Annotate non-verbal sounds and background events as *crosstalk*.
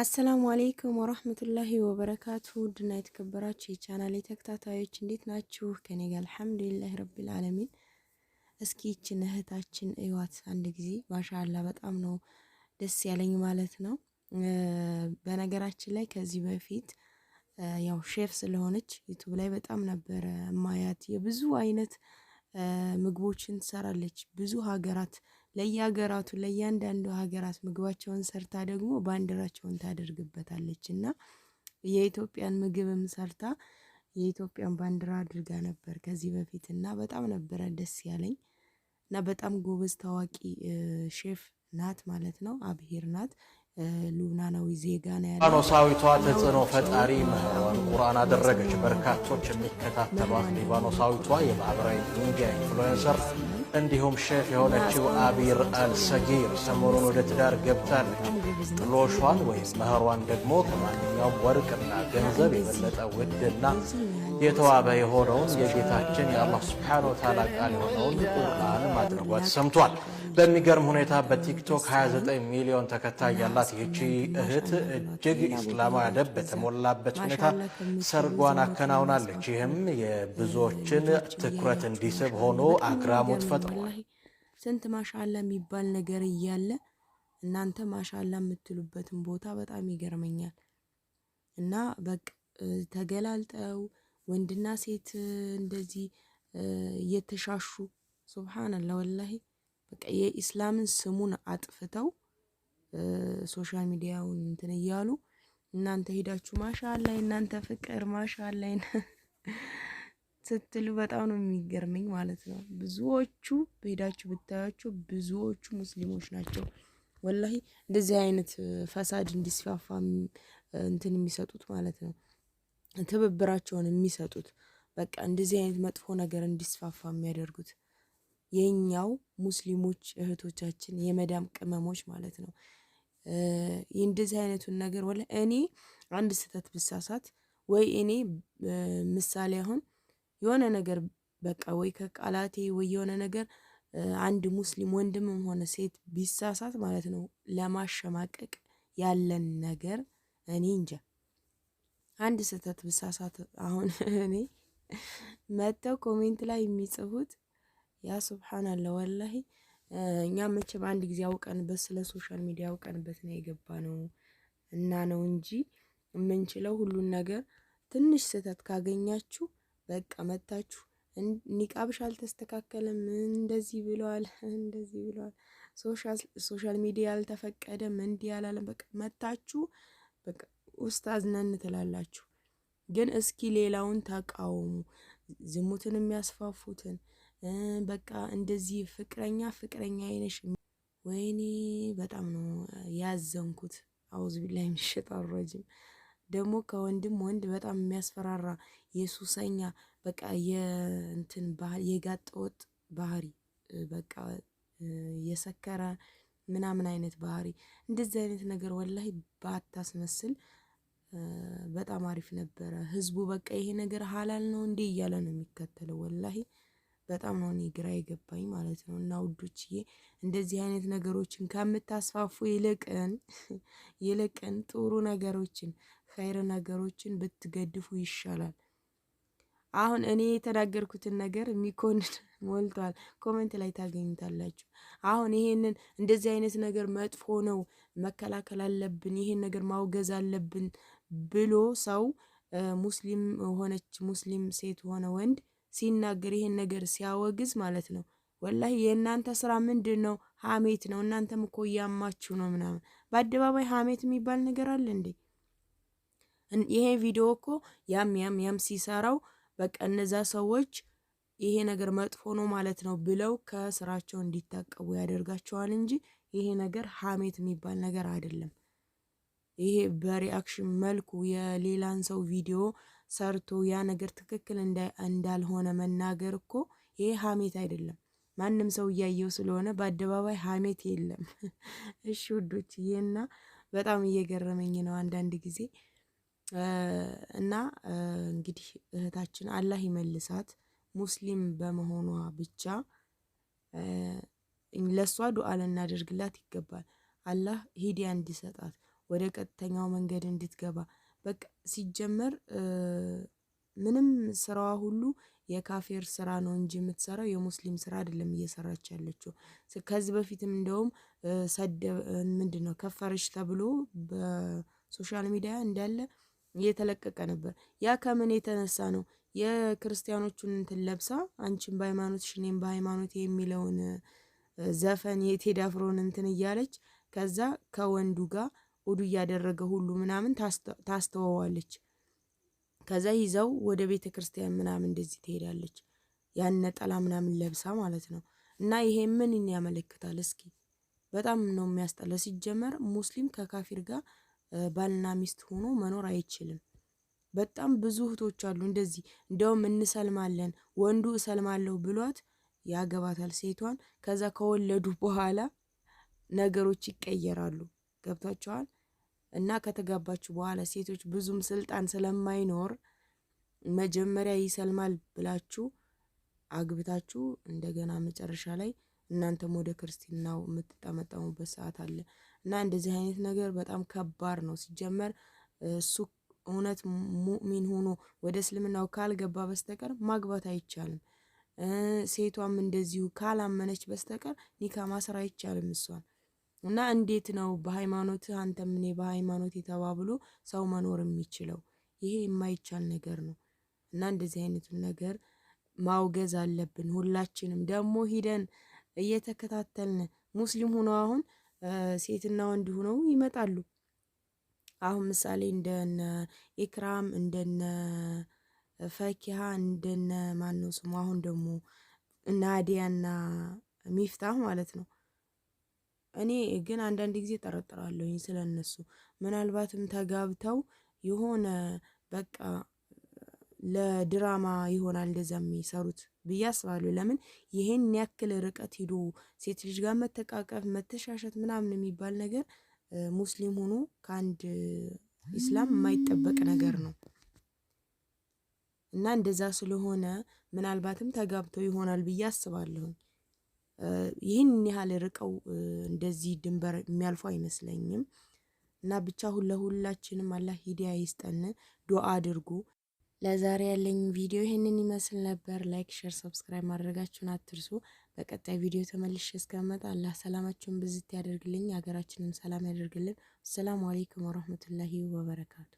አሰላሙ አሌይኩም ወራህመቱላሂ ወበረካቱ ውድና የተከበራችሁ የቻናል ተከታታዮች እንዴት ናችሁ? ከኔ ጋር አልሐምዱሊላህ ረቢል ዓለሚን። እስኪ ይችን እህታችን እዩዋት አንድ ጊዜ ማሻአላ፣ በጣም ነው ደስ ያለኝ ማለት ነው። በነገራችን ላይ ከዚህ በፊት ያው ሼፍ ስለሆነች ዩቱብ ላይ በጣም ነበረ ማያት የብዙ አይነት ምግቦችን ትሰራለች ብዙ ሀገራት ለየሀገራቱ ለእያንዳንዱ ሀገራት ምግባቸውን ሰርታ ደግሞ ባንዲራቸውን ታደርግበታለች እና የኢትዮጵያን ምግብም ሰርታ የኢትዮጵያን ባንዲራ አድርጋ ነበር ከዚህ በፊት እና በጣም ነበረ ደስ ያለኝ እና በጣም ጎበዝ ታዋቂ ሼፍ ናት ማለት ነው። አብሄር ናት። ሉብናናዊ ዜጋ ነው ያለ ሊባኖሳዊቷ ተጽዕኖ ፈጣሪ ምህዋን ቁርአን አደረገች። በርካቶች የሚከታተሏት ሊባኖሳዊቷ የማህበራዊ ሚዲያ ኢንፍሉዌንሰር እንዲሁም ሼፍ የሆነችው አቢር አልሰጊር ሰሞኑን ወደ ትዳር ገብታለች። ጥሎሿን ወይም መህሯን ደግሞ ከማንኛውም ወርቅና ገንዘብ የበለጠ ውድና የተዋበ የሆነውን የጌታችን የአላህ ስብሓነ ወተዓላ ቃል የሆነውን ቁርአን አድርጓት ሰምቷል። በሚገርም ሁኔታ በቲክቶክ 29 ሚሊዮን ተከታይ ያላት ይቺ እህት እጅግ ኢስላማዊ አደብ በተሞላበት ሁኔታ ሰርጓን አከናውናለች። ይህም የብዙዎችን ትኩረት እንዲስብ ሆኖ አግራሞት ፈጥሯል። ስንት ማሻላ የሚባል ነገር እያለ እናንተ ማሻላ የምትሉበትን ቦታ በጣም ይገርመኛል። እና በቃ ተገላልጠው ወንድና ሴት እንደዚህ እየተሻሹ ሱብሃነላ ወላ? በቃ የኢስላምን ስሙን አጥፍተው ሶሻል ሚዲያውን እንትን እያሉ እናንተ ሄዳችሁ ማሻላ እናንተ ፍቅር ማሻላ *laughs* ስትሉ በጣም ነው የሚገርመኝ ማለት ነው። ብዙዎቹ በሄዳችሁ ብታያቸው ብዙዎቹ ሙስሊሞች ናቸው። ወላሂ እንደዚህ አይነት ፈሳድ እንዲስፋፋ እንትን የሚሰጡት ማለት ነው፣ ትብብራቸውን የሚሰጡት በቃ እንደዚህ አይነት መጥፎ ነገር እንዲስፋፋ የሚያደርጉት የኛው ሙስሊሞች እህቶቻችን የመዳም ቅመሞች ማለት ነው። እንደዚህ አይነቱን ነገር ወላ እኔ አንድ ስህተት ብሳሳት ወይ እኔ ምሳሌ አሁን የሆነ ነገር በቃ ወይ ከቃላቴ ወይ የሆነ ነገር አንድ ሙስሊም ወንድምም ሆነ ሴት ቢሳሳት ማለት ነው ለማሸማቀቅ ያለን ነገር እኔ እንጃ አንድ ስህተት ብሳሳት አሁን እኔ መጥተው ኮሜንት ላይ የሚጽፉት ያ ሱብሃናላ ወላሂ እኛ መቼም አንድ ጊዜ አውቀንበት ስለ ሶሻል ሚዲያ አውቀንበት ነው የገባ ነው እና ነው እንጂ የምንችለው ሁሉን ነገር ትንሽ ስህተት ካገኛችሁ በቃ መታችሁ ኒቃብሽ አልተስተካከለም፣ እንደዚህ ብለዋል፣ *laughs* እንደዚህ ብለዋል፣ ሶሻል ሚዲያ አልተፈቀደም፣ እንዲህ አላለም። በቃ መታችሁ በቃ ኡስታዝ ነን ትላላችሁ። ግን እስኪ ሌላውን ተቃውሙ፣ ዝሙትን የሚያስፋፉትን በቃ እንደዚህ ፍቅረኛ ፍቅረኛ አይነሽ ወይኔ በጣም ነው ያዘንኩት። አውዝ ቢላ ምሽጥ አረጅም ደግሞ ከወንድም ወንድ በጣም የሚያስፈራራ የሱሰኛ በቃ የእንትን ባህል የጋጠ ወጥ ባህሪ በቃ የሰከረ ምናምን አይነት ባህሪ እንደዚህ አይነት ነገር ወላሂ ባታስመስል በጣም አሪፍ ነበረ። ህዝቡ በቃ ይሄ ነገር ሀላል ነው እንዴ እያለ ነው የሚከተለው ወላሂ በጣም ነው እኔ ግራ የገባኝ ማለት ነው። እና ውዶችዬ እንደዚህ አይነት ነገሮችን ከምታስፋፉ ይልቅን *laughs* ይልቅን ጥሩ ነገሮችን ኸይር ነገሮችን ብትገድፉ ይሻላል። አሁን እኔ የተናገርኩትን ነገር የሚኮንን *laughs* ሞልቷል፣ ኮመንት ላይ ታገኙታላችሁ። አሁን ይሄንን እንደዚህ አይነት ነገር መጥፎ ነው፣ መከላከል አለብን፣ ይሄን ነገር ማውገዝ አለብን ብሎ ሰው ሙስሊም ሆነች ሙስሊም ሴት ሆነ ወንድ ሲናገር ይሄን ነገር ሲያወግዝ ማለት ነው። ወላሂ የእናንተ ስራ ምንድን ነው? ሀሜት ነው። እናንተም እኮ እያማችሁ ነው ምናምን። በአደባባይ ሀሜት የሚባል ነገር አለ እንዴ? ይሄ ቪዲዮ እኮ ያም ያም ያም ሲሰራው በቃ እነዛ ሰዎች ይሄ ነገር መጥፎ ነው ማለት ነው ብለው ከስራቸው እንዲታቀቡ ያደርጋቸዋል እንጂ ይሄ ነገር ሀሜት የሚባል ነገር አይደለም። ይሄ በሪአክሽን መልኩ የሌላን ሰው ቪዲዮ ሰርቶ ያ ነገር ትክክል እንዳልሆነ መናገር እኮ ይሄ ሀሜት አይደለም። ማንም ሰው እያየው ስለሆነ በአደባባይ ሀሜት የለም። *laughs* እሺ ውዶች፣ ይሄና በጣም እየገረመኝ ነው አንዳንድ ጊዜ እና እንግዲህ እህታችን አላህ ይመልሳት። ሙስሊም በመሆኗ ብቻ ለእሷ ዱዓ ልናደርግላት ይገባል። አላህ ሂዲያ እንዲሰጣት ወደ ቀጥተኛው መንገድ እንድትገባ በቃ ሲጀመር ምንም ስራዋ ሁሉ የካፌር ስራ ነው እንጂ የምትሰራው የሙስሊም ስራ አይደለም እየሰራች ያለችው። ከዚህ በፊትም እንደውም ሰደ ምንድን ነው ከፈረች ተብሎ በሶሻል ሚዲያ እንዳለ እየተለቀቀ ነበር። ያ ከምን የተነሳ ነው የክርስቲያኖቹን እንትን ለብሳ አንቺን በሃይማኖት ሽኔም በሃይማኖት የሚለውን ዘፈን የቴዲ አፍሮን እንትን እያለች ከዛ ከወንዱ ጋር ውዱ እያደረገ ሁሉ ምናምን ታስተወዋለች። ከዛ ይዘው ወደ ቤተ ክርስቲያን ምናምን እንደዚህ ትሄዳለች። ያን ነጠላ ምናምን ለብሳ ማለት ነው። እና ይሄ ምንን ያመለክታል? እስኪ በጣም ነው የሚያስጠላ። ሲጀመር ሙስሊም ከካፊር ጋር ባልና ሚስት ሆኖ መኖር አይችልም። በጣም ብዙ እህቶች አሉ እንደዚህ። እንደውም እንሰልማለን ወንዱ እሰልማለሁ ብሏት ያገባታል ሴቷን። ከዛ ከወለዱ በኋላ ነገሮች ይቀየራሉ። ገብታችኋል? እና ከተጋባችሁ በኋላ ሴቶች ብዙም ስልጣን ስለማይኖር መጀመሪያ ይሰልማል ብላችሁ አግብታችሁ እንደገና መጨረሻ ላይ እናንተም ወደ ክርስትናው የምትጠመጠሙበት ሰዓት አለ እና እንደዚህ አይነት ነገር በጣም ከባድ ነው። ሲጀመር እሱ እውነት ሙእሚን ሆኖ ወደ እስልምናው ካልገባ በስተቀር ማግባት አይቻልም። ሴቷም እንደዚሁ ካላመነች በስተቀር ኒካ ማሰር አይቻልም እሷን እና እንዴት ነው በሃይማኖት አንተም እኔ በሃይማኖት የተባብሎ ሰው መኖር የሚችለው? ይሄ የማይቻል ነገር ነው። እና እንደዚህ አይነቱን ነገር ማውገዝ አለብን ሁላችንም። ደግሞ ሂደን እየተከታተልን ሙስሊም ሆኖ አሁን ሴትና ወንድ ሆነው ይመጣሉ። አሁን ምሳሌ እንደነ ኢክራም እንደነ ፈኪሃ እንደነ ማን ስሙ አሁን ደግሞ ናዲያና ሚፍታህ ማለት ነው እኔ ግን አንዳንድ ጊዜ ጠረጥራለሁኝ ስለነሱ ምናልባትም ተጋብተው የሆነ በቃ ለድራማ ይሆናል እንደዛ የሚሰሩት ብዬ አስባለሁ። ለምን ይሄን ያክል ርቀት ሂዶ ሴት ልጅ ጋር መተቃቀፍ፣ መተሻሸት ምናምን የሚባል ነገር ሙስሊም ሆኖ ከአንድ ኢስላም የማይጠበቅ ነገር ነው እና እንደዛ ስለሆነ ምናልባትም ተጋብተው ይሆናል ብዬ አስባለሁኝ። ይህን ያህል ርቀው እንደዚህ ድንበር የሚያልፉ አይመስለኝም። እና ብቻ ለሁላችንም አላህ ሂዳያ ይስጠን። ዱአ አድርጉ። ለዛሬ ያለኝ ቪዲዮ ይህንን ይመስል ነበር። ላይክ፣ ሼር፣ ሰብስክራይብ ማድረጋችሁን አትርሱ። በቀጣይ ቪዲዮ ተመልሼ እስከመጣ አላህ ሰላማችሁን ብዝት ያደርግልኝ፣ ሀገራችንም ሰላም ያደርግልን። አሰላሙ አሌይኩም ወረህመቱላሂ ወበረካቱ